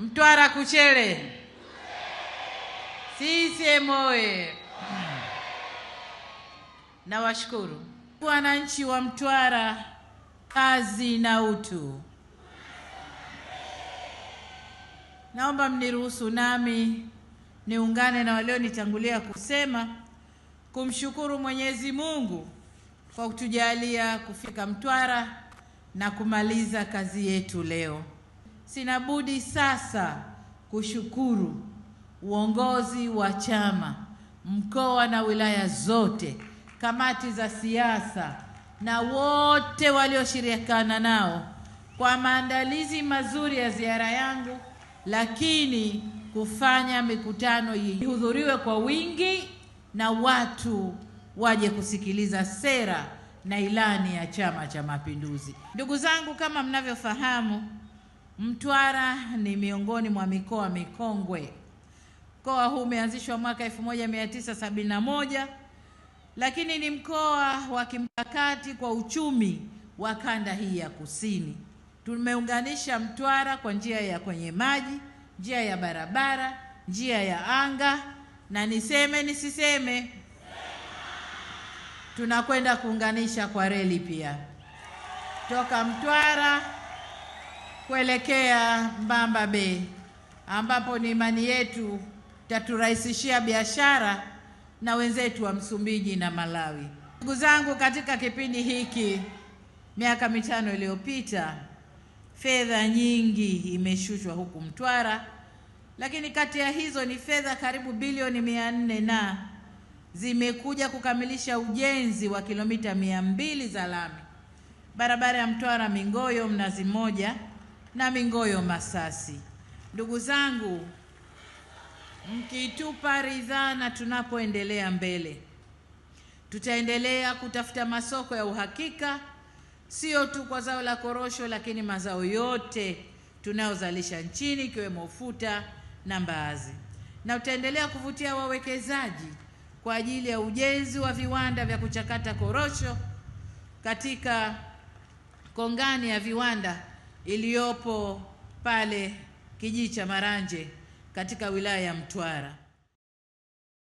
Mtwara Kuchele, CCM oye! Nawashukuru wananchi wa Mtwara, kazi na utu. Naomba mniruhusu nami niungane na walionitangulia kusema kumshukuru Mwenyezi Mungu kwa kutujalia kufika Mtwara na kumaliza kazi yetu leo sina budi sasa kushukuru uongozi wa chama mkoa na wilaya zote, kamati za siasa na wote walioshirikiana nao kwa maandalizi mazuri ya ziara yangu, lakini kufanya mikutano ihudhuriwe kwa wingi na watu waje kusikiliza sera na ilani ya Chama cha Mapinduzi. Ndugu zangu, kama mnavyofahamu Mtwara ni miongoni mwa mikoa mikongwe. Mkoa huu umeanzishwa mwaka 1971 lakini ni mkoa wa kimkakati kwa uchumi wa kanda hii ya kusini. Tumeunganisha Mtwara kwa njia ya kwenye maji, njia ya barabara, njia ya anga na niseme nisiseme, tunakwenda kuunganisha kwa reli pia toka Mtwara kuelekea Mbamba Bay ambapo ni imani yetu taturahisishia biashara na wenzetu wa Msumbiji na Malawi. Ndugu zangu, katika kipindi hiki miaka mitano iliyopita fedha nyingi imeshushwa huku Mtwara, lakini kati ya hizo ni fedha karibu bilioni mia nne na zimekuja kukamilisha ujenzi wa kilomita mia mbili za lami barabara ya Mtwara Mingoyo Mnazi Mmoja na Mingoyo Masasi. Ndugu zangu, mkitupa ridhaa na tunapoendelea mbele, tutaendelea kutafuta masoko ya uhakika, sio tu kwa zao la korosho, lakini mazao yote tunayozalisha nchini ikiwemo ufuta na mbaazi, na tutaendelea kuvutia wawekezaji kwa ajili ya ujenzi wa viwanda vya kuchakata korosho katika kongani ya viwanda iliyopo pale kijiji cha Maranje katika wilaya ya Mtwara.